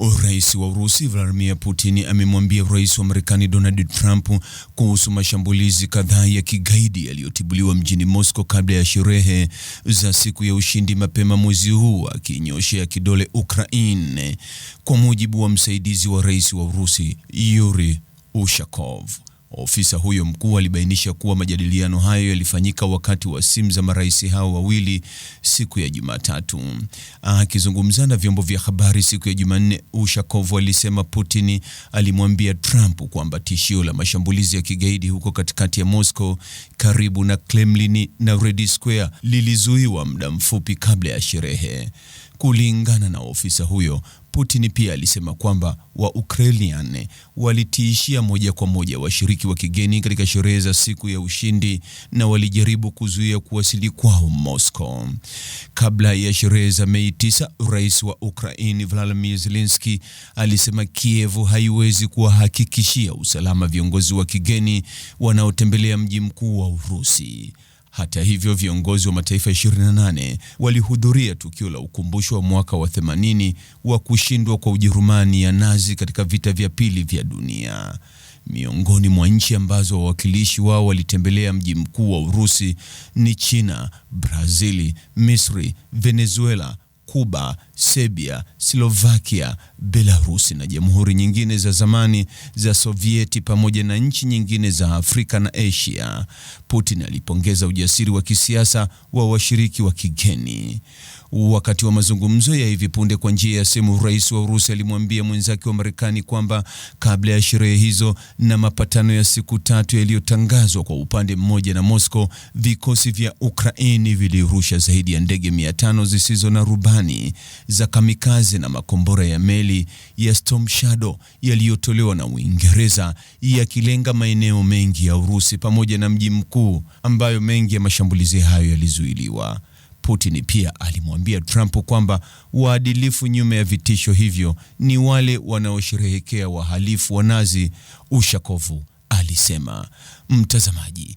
Rais wa Urusi Vladimir Putin amemwambia Rais wa Marekani Donald Trump kuhusu mashambulizi kadhaa ya kigaidi yaliyotibuliwa mjini Moscow kabla ya sherehe za siku ya ushindi mapema mwezi huu, akinyoshea kidole Ukraine, kwa mujibu wa msaidizi wa Rais wa Urusi Yuri Ushakov. Ofisa huyo mkuu alibainisha kuwa majadiliano hayo yalifanyika wakati wa simu za marais hao wawili siku ya Jumatatu. Akizungumza na vyombo vya habari siku ya Jumanne, Ushakov alisema Putin alimwambia Trump kwamba tishio la mashambulizi ya kigaidi huko katikati ya Moscow karibu na Kremlin na Red Square lilizuiwa muda mfupi kabla ya sherehe. Kulingana na ofisa huyo, Putin pia alisema kwamba Waukrelian walitiishia moja kwa moja washiriki wa kigeni katika sherehe za siku ya ushindi na walijaribu kuzuia kuwasili kwao Moscow. Kabla ya sherehe za Mei tisa Rais wa Ukraini Volodymyr Zelensky alisema Kiev haiwezi kuwahakikishia usalama viongozi wa kigeni wanaotembelea mji mkuu wa Urusi. Hata hivyo, viongozi wa mataifa 28 walihudhuria tukio la ukumbusho wa mwaka wa 80 wa kushindwa kwa Ujerumani ya Nazi katika vita vya pili vya dunia. Miongoni mwa nchi ambazo wawakilishi wao walitembelea mji mkuu wa Urusi ni China, Brazili, Misri, Venezuela Kuba, Serbia, Slovakia, Belarusi na jamhuri nyingine za zamani za Sovieti pamoja na nchi nyingine za Afrika na Asia. Putin alipongeza ujasiri wa kisiasa wa washiriki wa kigeni. Wakati wa mazungumzo ya hivi punde kwa njia ya simu, rais wa Urusi alimwambia mwenzake wa Marekani kwamba kabla ya sherehe hizo na mapatano ya siku tatu yaliyotangazwa kwa upande mmoja na Moscow, vikosi vya Ukraini vilirusha zaidi ya ndege 500 zisizo na rubani Marekani za kamikaze na makombora ya meli ya Storm Shadow yaliyotolewa na Uingereza yakilenga maeneo mengi ya Urusi pamoja na mji mkuu ambayo mengi ya mashambulizi hayo yalizuiliwa. Putin pia alimwambia Trump kwamba waadilifu nyuma ya vitisho hivyo ni wale wanaosherehekea wahalifu wa Nazi. Ushakovu alisema. Mtazamaji